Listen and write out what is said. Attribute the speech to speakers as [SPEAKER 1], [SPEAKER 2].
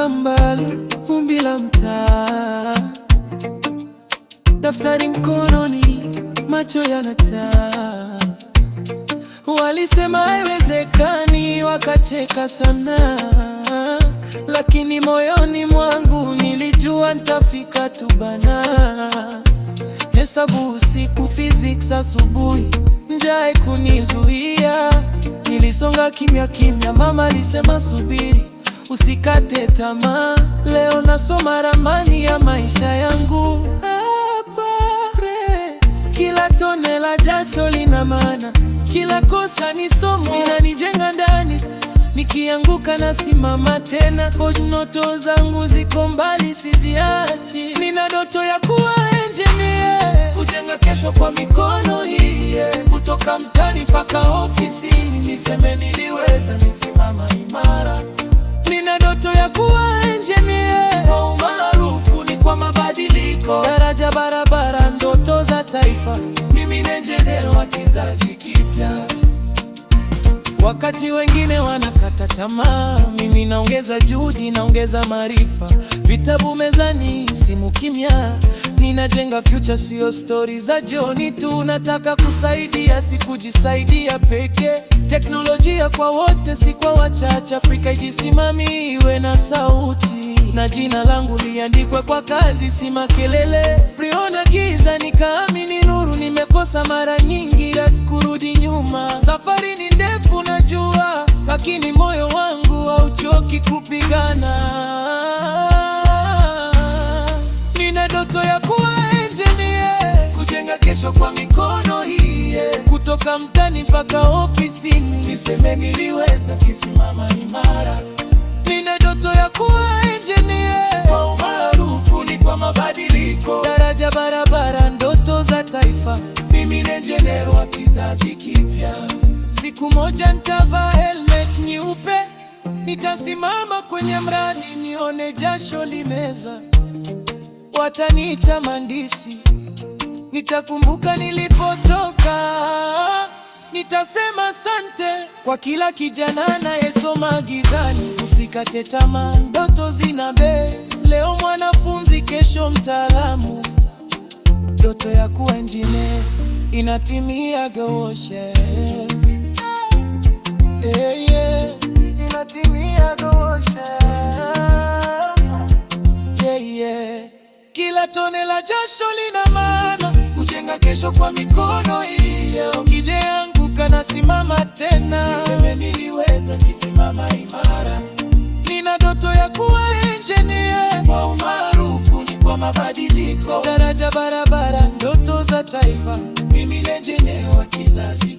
[SPEAKER 1] kutoka mbali, vumbi la mtaa, daftari mkononi, macho yanataa. Walisema haiwezekani, wakacheka sana, lakini moyoni mwangu nilijua nitafika tu bana. Hesabu usiku, physics asubuhi, njaa kunizuia, nilisonga kimya kimya. Mama alisema subiri usikate tamaa. Leo nasoma ramani ya maisha yangu apare. Kila tone la jasho lina maana, kila kosa ni somo, inanijenga ndani. Nikianguka nasimama tena, ndoto zangu ziko mbali, siziachi. Nina ndoto ya kuwa engineer,
[SPEAKER 2] kujenga kesho kwa mikono hii, kutoka mtani mpaka ofisini, niseme niliweza, nisimama imara.
[SPEAKER 1] daraja, barabara, ndoto za taifa.
[SPEAKER 2] Mimi ni engineer wa kizazi kipya.
[SPEAKER 1] Wakati wengine wanakata tamaa, mimi naongeza juhudi, naongeza maarifa. Vitabu mezani, simu kimya, ninajenga future, sio stori za jioni tu. Nataka kusaidia, si kujisaidia peke. Teknolojia kwa wote, si kwa wachache. Afrika ijisimami, iwe na sauti na jina langu liandikwe kwa kazi, si makelele. Priona giza nikaamini nuru, nimekosa mara nyingi ya nyuma. Safari ni ndefu najua, lakini moyo wangu hauchoki kupigana. Nina ndoto ya kuwa engineer,
[SPEAKER 2] kujenga kesho kwa mikono hii,
[SPEAKER 1] kutoka mtani mpaka ofisini,
[SPEAKER 2] niseme niliweza, kisimama imara.
[SPEAKER 1] Nina ndoto ya kuwa chini
[SPEAKER 2] kwa umaarufu ni kwa mabadiliko,
[SPEAKER 1] daraja, barabara, ndoto za taifa.
[SPEAKER 2] Mimi ni engineer wa kizazi kipya,
[SPEAKER 1] siku moja nitavaa helmet nyeupe, nitasimama kwenye mradi nione jasho limeza, wataniita mhandisi, nitakumbuka nilipotoka, nitasema sante kwa kila kijana anayesoma gizani usikate tamaa, ndoto zina bei. Leo mwanafunzi, kesho mtaalamu. Ndoto ya kuwa injinia inatimia gawoshe.
[SPEAKER 2] gawoshe.
[SPEAKER 1] Kila tone la jasho lina maana,
[SPEAKER 2] kujenga kesho kwa mikono hiyo. mabadiliko,
[SPEAKER 1] daraja, barabara, ndoto za taifa,
[SPEAKER 2] mimi lejeneo wa kizazi